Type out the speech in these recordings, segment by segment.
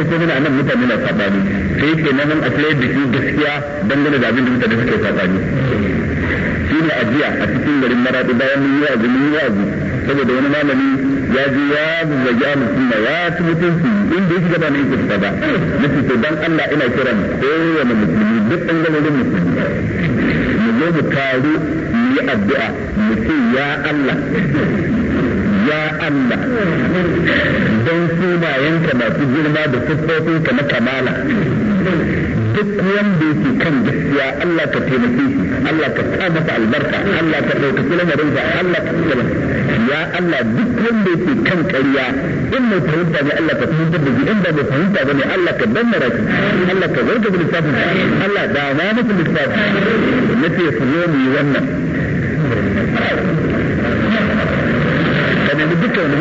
sai sai nuna nan mutane na sabani sai ke nan a tsaye da shi gaskiya dangane da abin da mutane suke sabani shi ne ajiya a cikin garin maraɗi bayan mun yi azu mun yi azu saboda wani malami ya ji ya zazzage a musulma ya ci mutunci inda ya shiga ba na yi kusa ba nake to dan Allah ina kiran kowane musulmi duk ɓangarorin musulmi mu zo mu taru mu yi addu'a mu ce ya Allah ya Allah don sunayenka masu girma da siffofinka na kamala duk wanda yake kan gaskiya Allah ka taimake shi Allah ka sa masa albarka Allah ka ɗaukaki lamarinsa Allah ka tsara, ya Allah duk wanda yake kan ƙarya in mai fahimta ne Allah ka fahimtar da shi in ba mai fahimta bane, Allah ka dannara shi Allah ka zarga da lissafin Allah da ma masa lissafin nace su zo mu yi wannan dukkan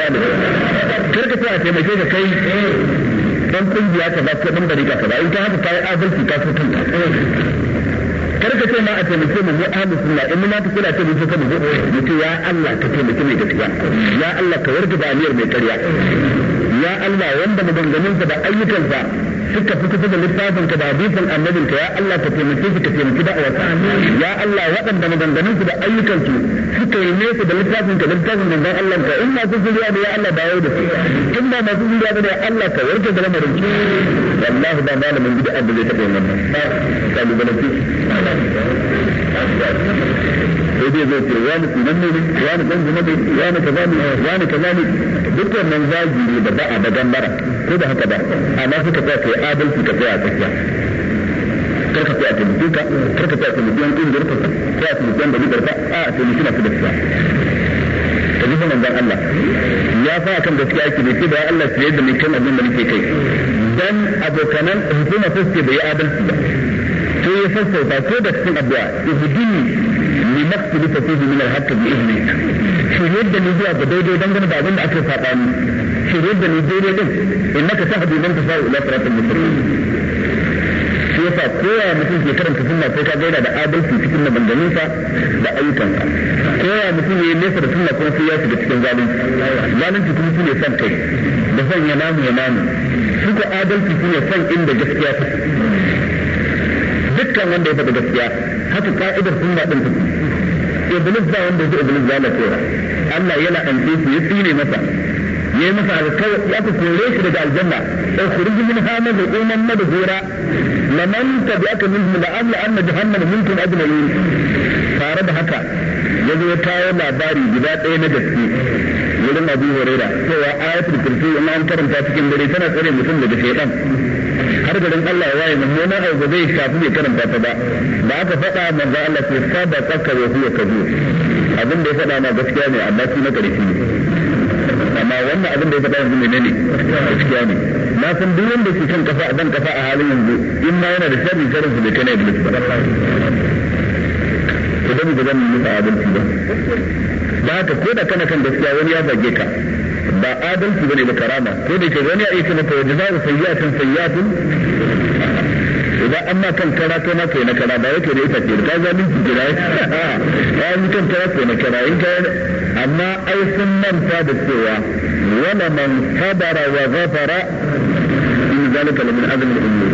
karka sai ka kai dan kungiya ka ba dan ka ba in so ma a taimake mu ahlu sunna in ma ta kula ta mu mu mutu ya Allah ka taimake mai gaskiya ya Allah ka warda da aniyar mai karya ya Allah wanda da ayyukansa suka fi kusa da littafin ka da hadisin annabin ka ya Allah ka taimake su ka taimaki da'awar ya Allah waɗanda maganganun su da ayyukan su suka yi nesa da littafin ka da littafin manzon Allah ka in masu zuriya da ya Allah dawo da su in ba masu zuriya da ya Allah ka warke da lamarin su wallahi ba malamin bid'a da zai taɓa yin wannan ba ka kalubalanci sai dai zai ce wani tsinan ne ne wani dan zuma ne wani kaza ne wani kaza ne duk wannan zagi ne da ba a da gambara ko da haka ba amma suka tsaya kai adalci ka tsaya tsakiya kar ka tsaya taimake ka kar ka tsaya taimake yan kungiyar ka ko a taimake yan da ka a a taimake na kuda ka ka ji sanan Allah ya fa akan gaskiya yake bai ce da Allah ke yadda ne kan abin da nake kai dan abokanan hukuma sai ke bai adalci ba sai ya sassauta ko da cikin addu'a ihdini نختلف فيه من الحق بإذنه شريط دليل هو بديدي دنجن بعدين أكل فاطمي شريط دليل ديدي دن إنك تهدي من تشاء إلى صراط المستقيم shi yasa kowa mutum ke karanta sunna sai ka gaida da adalci cikin maganganunsa da ayyukansa kowa mutum ya nesa da sunna kuma sai ya shiga cikin zalunci zalunci kuma shine son kai da son ya namu ya namu shi ko adalci shine inda gaskiya ta dukkan wanda ya faɗi gaskiya haka ka'idar sun ba ɗin iblis ba wanda ya iblis lalacewa Allah yana ɗanɗe shi ya tsine masa ya yi masa alkawari aka kore shi daga aljanna sai khuruj min hamal da umman madhura laman tabi'aka minhum la amla anna jahannama minkum ajma'in tare da haka ya zo ya kawo labari guda ɗaya na gaske wurin Abu Hurairah cewa ayatul kursi in an karanta cikin dare tana tsare mutum daga shaytan har garin Allah ya waye mummuna abu zai shafi bai karanta ta ba da aka faɗa manzo Allah ce saba tsaka wa ka kabir abin da ya faɗa ma gaskiya ne amma shi na ƙarfi ne amma wannan abin da ya faɗa yanzu ne ne gaskiya ne na san duk wanda ke kan kafa dan kafa a halin yanzu in ma yana da sharri sharrin su bai kana iblis ba da dan ba zan yi abinci ba ko da kana kan gaskiya wani ya bage ka ba adalci bane ba karama ko da ke wani ya iya maka wa jaza'u sayyi'atin sayyi'atun idan an ma kan kara kai ma kai na kara ba yake da ita ce ka ga min ki kira ya yi kan kara kai na kara in ka amma ai sun manta da cewa wala man sabara wa ghafara in zalika min azmi al-umur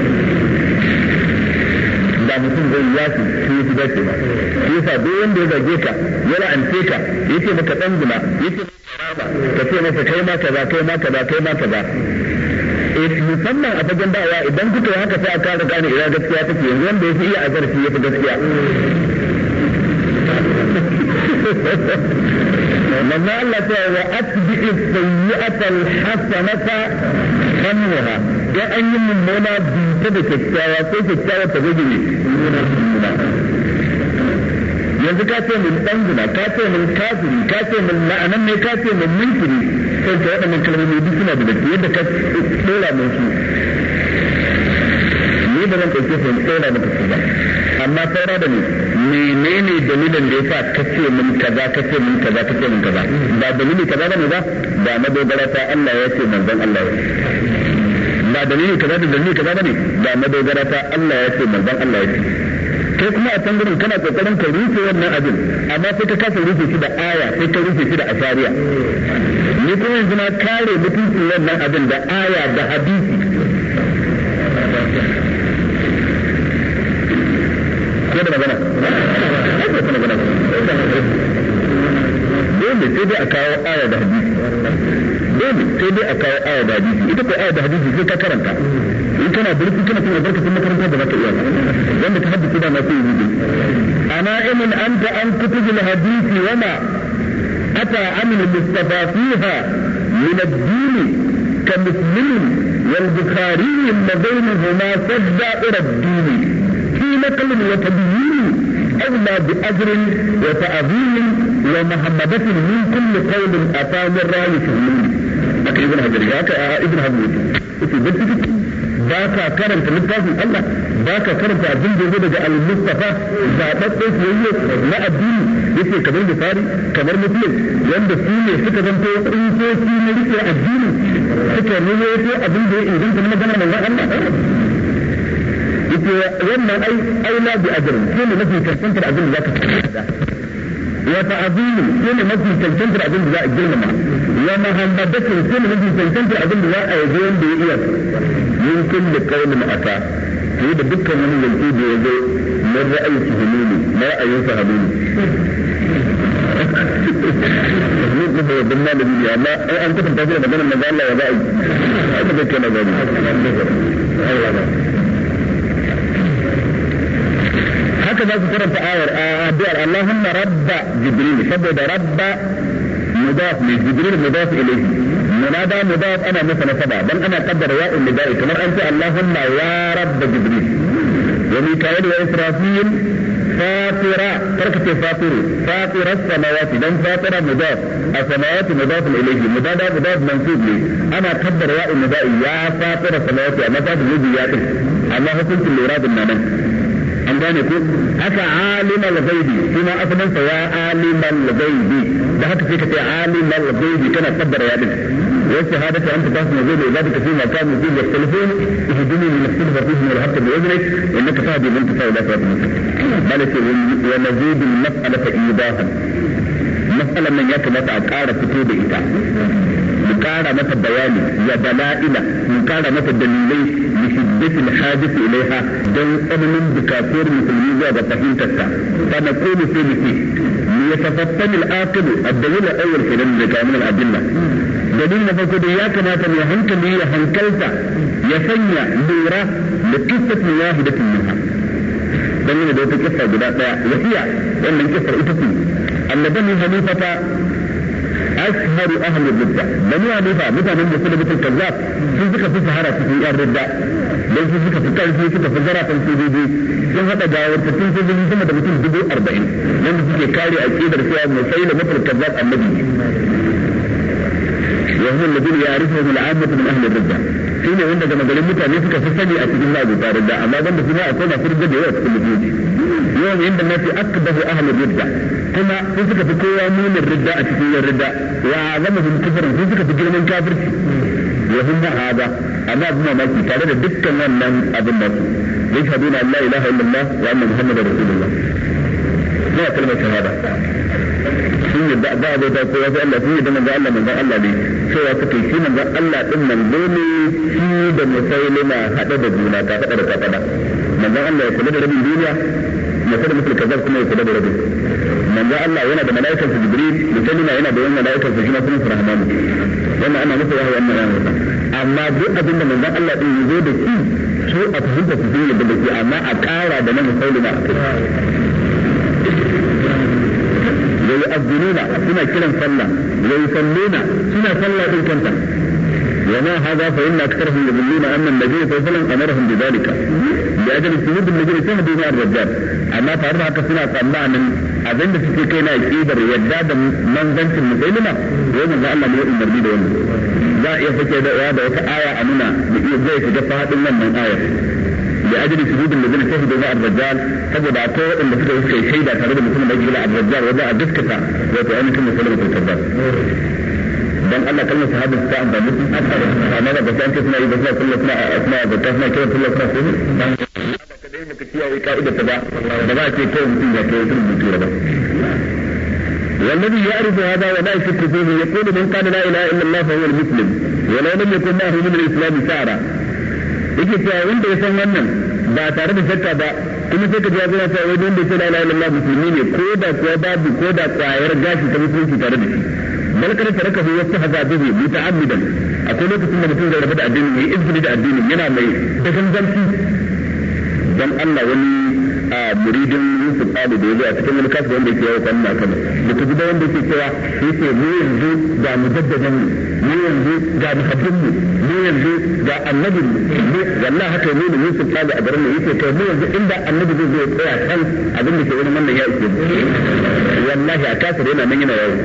da mutum zai yafi shi su dace ba shi yasa duk wanda ya zage ka ya la'ance ka yake maka dan guna yake ba ka ce masa kai ma kaza kai ma kaza kai ma kaza musamman a fagen dawa idan kuka haka sai a kara gane ina gaskiya take yanzu wanda yafi iya azarci yafi gaskiya manzo Allah ta wa asbi'i sayyi'ata al-hasanata kanwaha ya an yi mummuna bi ta da kyakkyawa sai kyakkyawa ta gaji ne yanzu ka ce min dan zina ka ce min kafiri ka ce min la'anan ne ka ce min mulkiri sai ka waɗannan kalmomi duk suna da datti yadda ka tsora min su ni ba zan ɗauke su tsora maka su ba amma saura da ni menene dalilin da yasa ka ce min kaza ka ce min kaza ka ce min kaza ba dalili kaza ne ba ba madogara ta Allah ya ce manzon Allah ya ba dalili kaza da dalili kaza bane ba madogara ta Allah ya ce manzon Allah ya ce kai kuma a can gurin kana kokarin ka rufe wannan abin amma sai ka kasa rufe shi da aya sai ka rufe shi da asariya ni kuma yanzu na kare mutuncin wannan abin da aya da hadisi ko da magana dole sai dai a kawo aya da hadisi dole sai dai a kawo aya da hadisi ita ko aya da hadisi sai ka karanta in kana burki kana kuma barka kuma karanta da baka iya dan da tahaddusu da masu yi ana imin anta an kutubul hadisi wama ata amin mustafa fiha min ad-din كمسلم والبخاري لديهما صدائر الدين في نقل وتبيين أولى بأجر وتعظيم ومحبة من كل قول أتى من رأي في المؤمن. لكن ابن هجر هكا ابن هجر. ba ka karanta littafin Allah ba ka karanta abin da zo daga al-Mustafa zaɓaɓɓen soyayya na addini yake kamar da fari kamar Muslim wanda su ne suka zanto tsinkoki na rike addini suka rawaito abin da yake inganta na magana manzon Allah yake wannan ai ai la bi ajrin shine mafi tantantar abin da zaka tsaya وتعظيم كل ما في تنتظر أبن بلاء الجنة ومهمدته كل ما في تنتظر أبن بلاء أيدين بإياه يمكن لقوم الأتى في دكتور من يلقي بيده من رأي فهموني ما رأي فهموني تهميل يبنى أنت أنت هكذا ترى في آية آه، آه، اللهم رب جبريل سبب رب مضاف لجبريل مضاف إليه منادى مضاف أنا مثل سبع بل أنا قدر ياء النداء كما أنت اللهم يا رب جبريل وميكائيل وإسرافيل فاطرة تركت فاطر فاطر السماوات دم فاطرة مضاف السماوات مضاف إليه مضاف مضاف منسوب لي أنا قدر ياء النداء يا فاطر السماوات أنا فاطرة الذي الله كنت لاراد المنام an gane ko aka alimal ghaibi kuma asalin sa ya alimal ghaibi da haka sai ka ce alimal ghaibi kana kaddara ya din wa shahadatu anta tasma ghaibi da ka fi ma kanu fi yastalfun ihdini min as-silfa fihi min al-hatta bi idnik innaka tahdi man tasau ila siratal mustaqim bal ce wa nazidu al-mas'alata idahan mas'alan nan ya kamata a ƙara fito da ita mu ƙara mata bayani ya bala'ila mu ƙara mata dalilai شدة الحاجة إليها دون أمن بكافور مثل يوزا وفهمتك فنقول في مثل ليتفطن العاقل الدليل الأول في ذلك من الأدلة دليل فقد يا كما تم يهنكل يهنكلت يسنى نورا لقصة واحدة منها دليل دوت القصة بلا وهي أن القصة إتكي أن بني حنيفة ashhar ahl ridda bani hanifa mutanen da suka mutum kaza sun suka fi sahara cikin yan ridda dan sun suka fi karfi suka fi zarafin sojoji sun hada gawar ta sun sojoji sama da mutum dubu arba'in wanda suke kare aqidar cewa musailama kaza annabi هم الذين يعرفهم العامة من أهل الردة شين وانا كما قلت متى نفك فسني أتكلم الله بتاع الردة أما قلت فيما أقول في الردة يوت كل جيد اليوم عند الناس أكبر أهل الردة كما نفك في قوانين من الردة أتكلم الردة وعظم في الكفر في كل كافر وهم هذا أما أبنى ما كنت تعالى لدكا من أبنى يشهدون أن لا إله إلا الله وأن محمدا رسول الله ba kalmar shahada sun yadda ba a bauta kowa sai Allah sun yadda manzo Allah manzo Allah ne cewa shi manzo Allah din manzo ne shi da hada da juna ka fada da ka fada manzo Allah ya kula da rabin duniya ya kaza kuma ya kula da rabin manzo Allah yana da mala'ikan su Jibril yana da mala'ikan su kuma Rahman wannan ana wahayi amma duk abin da manzo Allah din yazo da shi a fahimta su yadda da shi amma a kara da na a يؤذنون سنة كلام صلى لا يصلون سنة صلى بالكنتا وما هذا فإن أكثرهم يظنون أن النبي صلى الله عليه وسلم أمرهم بذلك لأجل السجود النبي صلى الله عليه وسلم الرجال أما فأرضا كسنا صلى من أذن بسكينا إيبر يداد من ذنك المسلمة وما ذا الله ليؤم مرديد ومن ذا يفكي هذا وكآية أمنا بإيه ذا يفكي فهذا من آية لأجل شهود الذين شهدوا مع الرجال فقد أعطوه إلا كده وفي شيدة فرد المسلم يجي مع الرجال وضع ذكتا وتعاني كم سلمة الكذاب dan Allah kalma sahabat ta amba mutu akka da sama da ta ce suna yi ba sai kullu suna asma da ta suna kira kullu suna sunu dan Allah ka dai muka kiyaye kaida ta ba da ba ce kai mutum ya kai mutum mutu ba والذي يعرف هذا ولا يشك فيه يقول من قال لا اله الا الله فهو المسلم ولو لم يكن معه من الاسلام سعره yake cewa wanda ya san wannan ba tare da shakka ba kuma sai ka ji yana cewa wani wanda ya san la ilaha musulmi ne ko da kuwa babu ko da kwayar gashi ta musulunci tare da shi bal kada ta raka wasu hazabihi muta'ammidan akwai lokacin da mutum zai rabu da addini yayi izini da addini yana mai da zanzanci dan Allah wani a muridin Yusuf Ali da ya zo a cikin wani kasu wanda ke yawan na kano da ta gida wanda ke cewa yake mu yanzu ga mujaddadan mu mu yanzu ga muhabbin mu mu yanzu ga annabin mu wallahi haka ne da Yusuf Ali a garin mu yake kai mu yanzu inda annabi zai zo ya tsaya kan abin da ke wani wannan ya ike wallahi a kasar yana nan yana yawo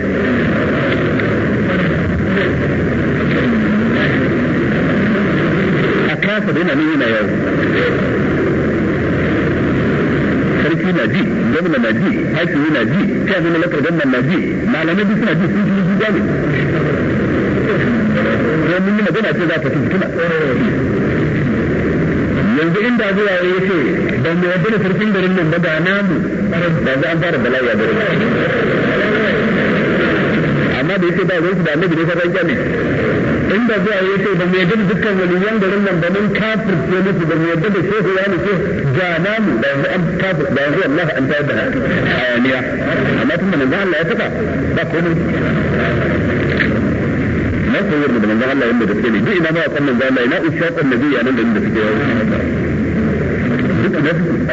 a kasar yana nan yana yawo sarki na ji gwamna na ji hakimi na ji ta zama lakar gwamna na ji malamai duk suna ji sun ji ji gane domin yi magana ce za ta fi tuna yanzu inda zuwa ya ce ban mu yadda da sarkin garin nan ba ga namu ba za an fara bala'i a garin amma da yake ba zai su da annabi ne ka san inda zuwa ya ce ba mu yadda da dukkan waliyan garin nan da mun kafir ce musu ba mu yadda da shehu ya nufi ga mu da yanzu an kafir da yanzu Allah an tayar da hayaniya amma tun da manzo Allah ya faɗa ba komai na koyar da manzo Allah yanda gaske ne duk ina ma kan manzo Allah ina ishaqan nabi ya nan da inda suke yawo duk da su a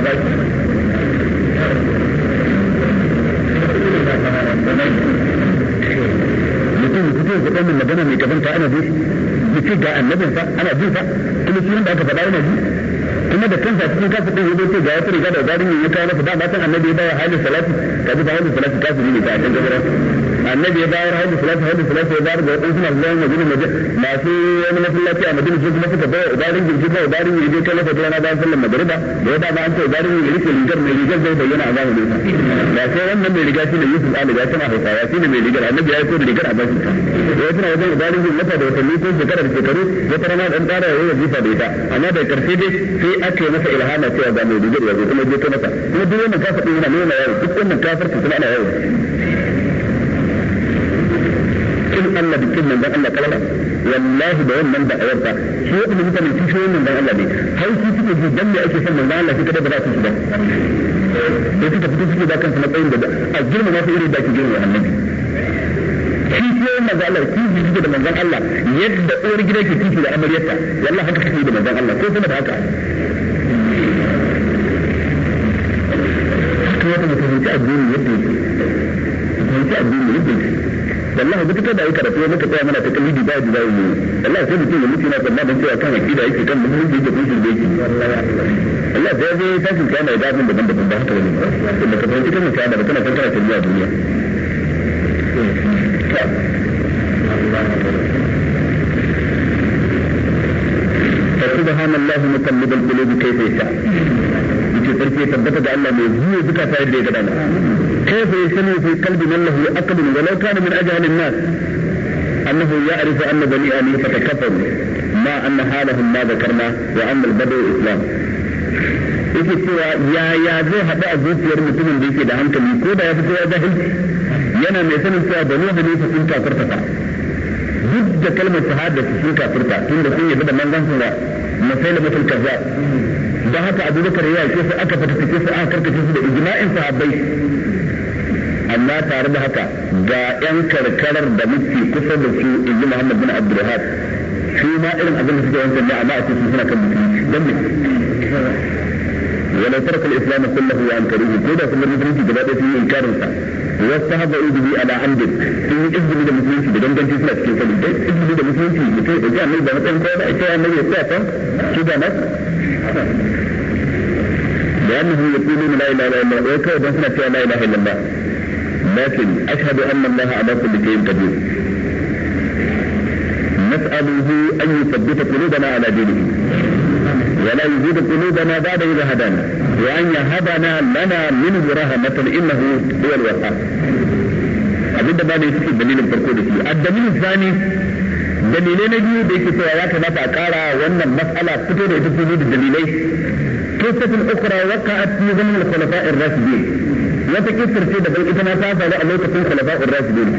baki faɗa min magana mai kazanta ana ji ya ce ga annabin fa ana ji fa kuma shi wanda aka faɗa yana ji kuma da kansa cikin kafin ɗin hudu ce ga wata riga da zarin yin ya kawo masa dama san annabi ya bawa halin salati ka ji ba halin salati kafin ne ka a can gabara annabi ya bayar hadis salatu hadis salatu ya bayar da wadansu suna zuwa madina masu wani masallaci a madina su kuma suka bayar ubarin girgi ba ubarin girgi kai lafa rana bayan sallar magariba da ya dama an ce ubarin girgi ke rigar mai rigar zai bayyana a zamanin sa ba sai wannan mai riga shine yusuf ali ya tana hausawa shine mai rigar annabi ya yi kodin rigar a bakin sa ya tana wajen ubarin girgi masa da watanni ko shekara da shekaru wata rana dan tsara ya yi wajifa da ita amma da karshe dai sai aka yi masa ilhama cewa ga mai rigar ya zo kuma je ta masa kuma duk wannan kafa din yana nuna yawo duk wannan kafar ta tana yawo irin Allah bikin manzon Allah kalala wallahi da wannan da awar ba shi wanda mutane su shi wannan Allah ne har su suke ji dan me ake son manzon Allah shi kada ba za su shiga sai suka fito suke da kansu na tsayin da a girma ma su irin da ke girma annabi shi ko manzo Allah ki ji da manzon Allah yadda uwar gida ke kishi da amaryarta wallahi haka kake da manzon Allah ko kuma da haka to wata mutum ta addini yadda yake ta addini yadda yake wallahi duk da karatu muka tsaya muna ta kalidi ba da zai Allah sai mutum ya mutu na sanna cewa kan akida yake kan mutum yake da yake da zai da da da haka wani da ka fahimci kan ka da duniya الله مقلب القلوب كيف يشاء. يجي تركي الله من هو كيف يسمي في قلب من له عقل ولو كان من أجهل الناس أنه يعرف أن بني أليفة كفروا ما أن حالهم ما ذكرنا وأن البدو إسلام yake cewa yaya zai haɗu a zuciyar mutumin da yake da hankali ko da ya fi kowa jahilci yana mai sanin cewa da nuhu ne sun kafirta fa duk da kalmar shahada su sun kafirta tun da sun yabi da manzon su da masaila mutul kaza da haka abubakar ya yake su aka fata take su aka karkace su da ijma'in sahabbai amma tare da haka ga 'yan karkarar da muke kusa da su in ji muhammad bin abdulhad su ma irin abin da suke wancan ne amma a cikin suna kan mutum don ne ولو ترك الاسلام كله وانكروه كودا في المسلمين في بلاد في انكارنسا واستهزئوا به على عمد في اذن من المسلمين بدون دم في فلسطين في اذن من المسلمين في كيف جاء النبي بمثل كذا جاء النبي السافر كذا نفس لانه يقولون لا اله الا الله وكذا سنه لا اله الا الله عباس أشهد أن الله على كل شيء قدير نسأله أن يثبت قلوبنا على دينه ولا يزيد قلوبنا بعد إذا هدانا وأن يهبنا لنا منه رحمة إنه هو الوهاب abinda ba ne cikin dalilin farko da shi addalilin sani dalilai na biyu da yake cewa ya kamata a kara wannan mas'ala fito da ita fili da dalilai kisatun ukra waqa'at fi zaman al-khulafa ar-rashidin wata kisar ce daban ita ma ta faru a lokacin khulafa'ur rashidin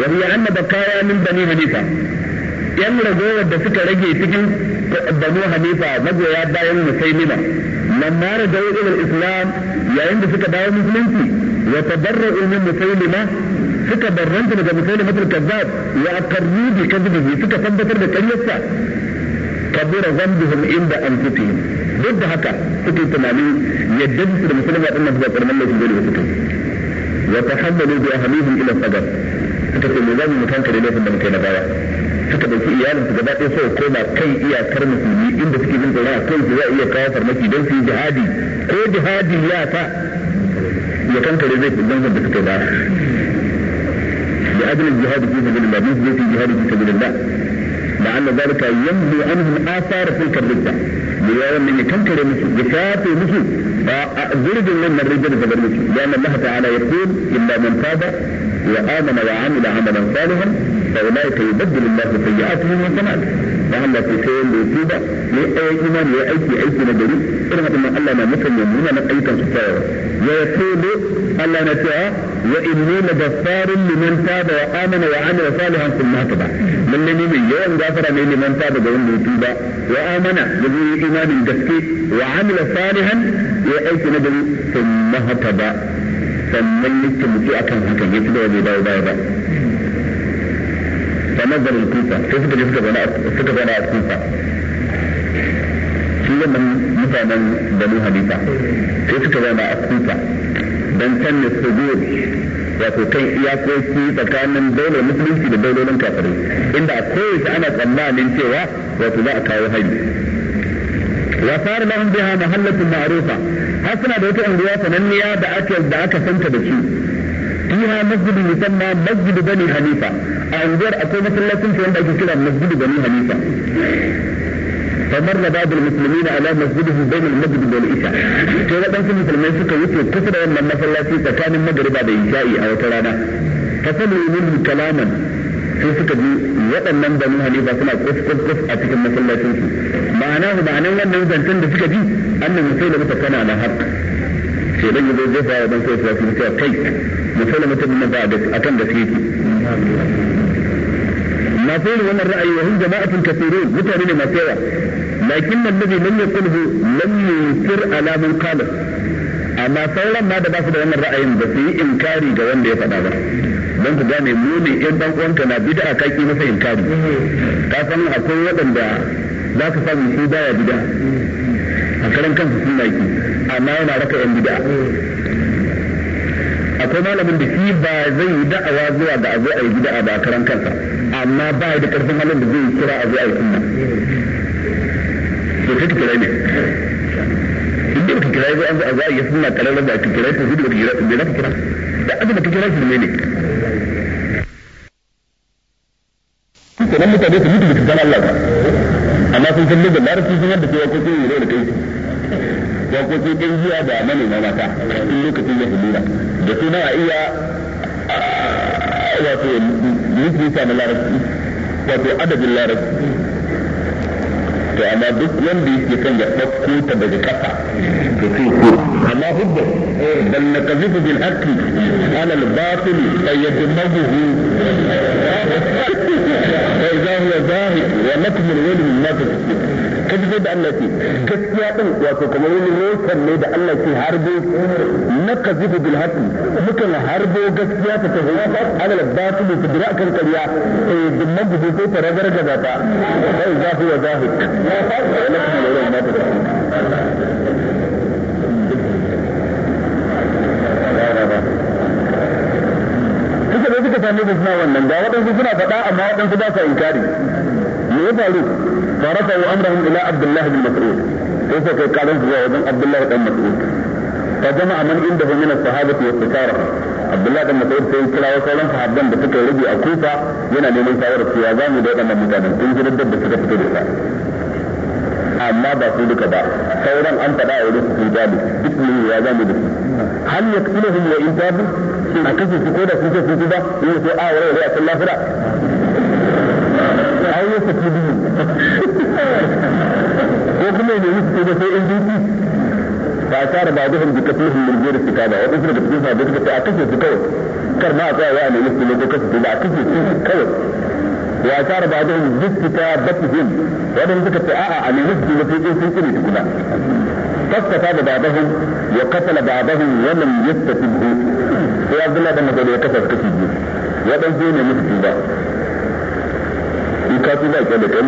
wa hiya anna baqaya min bani hanifa yan ragowar da suka rage cikin banu hanifa magoya bayan musailima lamma rajau ila islam yayin da suka dawo musulunci wa tabarra'u min musailima suka barranta daga musailima kazzab wa aqarru bi kadhibihi suka tabbatar da ƙaryarsa kabura zambuhum inda anfusihim duk da haka suke tunanin yadda su da musulma ɗin nan ba ƙarfin laifin dole suke wa ta hanzalu bi ahlihim ila sadar suka ce me za mu mutanka da laifin da muke na baya suka dauki iyalin su gaba ɗaya sai koma kan iyakar musulmi inda suke jin tsoron a kan su za a iya kawo farmaki don su yi jihadi ko jihadi ya ta ya kankare zai zan da suka ba da ajin jihadi fi sabilillah din zai fi jihadi fi sabilillah da Allah zalika yanzu anhum athara tilka bidda ليا ومن يكنكر جفاته مثل فأزرد من الرجال فبرمسه لأن الله تعالى يقول إلا من تاب وآمن وعمل عملا صالحا فأولئك يبدل الله سيئاتهم حسنات فهلا في خير ويتوبة لأي إيمان لأي أي نجري إنما الله ما مثل يمنون أي تنسى ويقول الله نتوعه وإني لغفار لمن تاب وآمن وعمل صالحا ثم هكذا من لم يوم غفر لمن تاب قوم بوتوبة وآمن بذي إيمان جسكي وعمل صالحا وأيت نبي ثم هكذا ثم لك مجيء كم هكا يتبع بي باو باو باو فنظر الكوفة كيف تجفت بنا أتكت بنا أتكوفة شيئا من مثلا بنو حديثة كيف تجفت بنا أتكوفة dan can ne su wato kan iyakoki tsakanin dole musulunci da daulolin kafirai inda a kowace ana tsammanin cewa wato za a kawo hari wasar lahum biha mahallatu ma'rufa har suna da wata unguwa sananniya da aka da aka santa da su fiha masjidu musamma masjidu bani hanifa a unguwar akwai masallacin wanda ake kira masjidu bani hanifa فمر بعض المسلمين على مسجده بين المسجد والعشاء sai waɗansu musulmai suka wuce kusa da wannan masallaci tsakanin magariba da isha'i a wata rana fasalu minhu kalaman sai suka ji waɗannan banu hanifa suna kus kus kus a cikin masallacin su ma'ana ma'anan wannan zancen da suka ji annan musaila mata kana na haq sai dan yazo zai fara dan sai su kai musaila mata mun ba da akan gaske ما فعل وانا الرأي وهم جماعة كثيرون متعنين ما فعل لكن الذي لم يقله لم ينكر على من قاله amma sauran ma da ba su da wannan ra'ayin ba su yi inkari ga wanda ya faɗa ba don ku gane mu ne in dan uwanka na bid'a ka ki masa inkari ka san akwai wadanda za ka samu shi baya bid'a a karan kansu sun ki amma yana raka yan bid'a akwai malamin da shi ba zai yi da'awa zuwa ga azo a yi bid'a ba a karan kansa amma ba da karfin halin da zai kira a zai sunna to sai kira ne da kira zai an a yi sunna da kira da kira na kira da abin da kira shi ne ko nan mutane su mutu da kan Allah ba amma sun san da larabci sun yadda cewa ko sai yi da kai ko sai zuwa da manema mata in ya da suna iya wato literature na larabci wato adabin larabci to amma duk wanda yake kan ya ɗauko ta daga ƙasa to sai ko amma hudda dan na kazifu bil haqqi ala al batil ayyadmahu هذا هو ظاهر ونكم الولي من ما تفكر كيف تفيد أن نتي كيف يعطي وتكم الولي ليس الميد أن نتي هربو نقذف بالهتم مكان هربو في دراء كالكريا دمان جديدو ترغر كذاتا هذا suka same da suna wannan ga waɗansu suna faɗa amma waɗansu ba sa inkari me ya faru farafa wa amrahum ila abdullahi bin mas'ud sai suka kai karan su zuwa wajen abdullahi dan mas'ud fa jama'a man inda min as-sahabati wa sitara abdullahi dan mas'ud sai kira wa sauran sahabban da suka rage a kufa yana neman shawarar cewa za mu da waɗannan mutanen sun ji da suka fito da sa amma ba su duka ba sauran an faɗa a wajen su sun duk ne ya zamu da su hal yaktuluhum wa in a kashe su ko da sun ce sun ci ba yau sai a wurin zai a can lafira a yi su ci biyu ko kuma ne yi su da sai in duki ba a tara ba duhun duka sun hin mulge da fita ba waɗansu daga cikin sabbin suka ce a kashe su kawai kar ma a tsaya wa ne musu ne ko kashe su ba a kashe su kawai ya tara ba duhun duk fita batihim waɗansu suka ce a'a a ne musu ne sai in sun kiri tukuna فاستفاد بعضهم وقتل بعضهم ولم يستفده sai abdullah dan masoud ya kafa kashi biyu ya dan ne musu in ka tuba ka da kai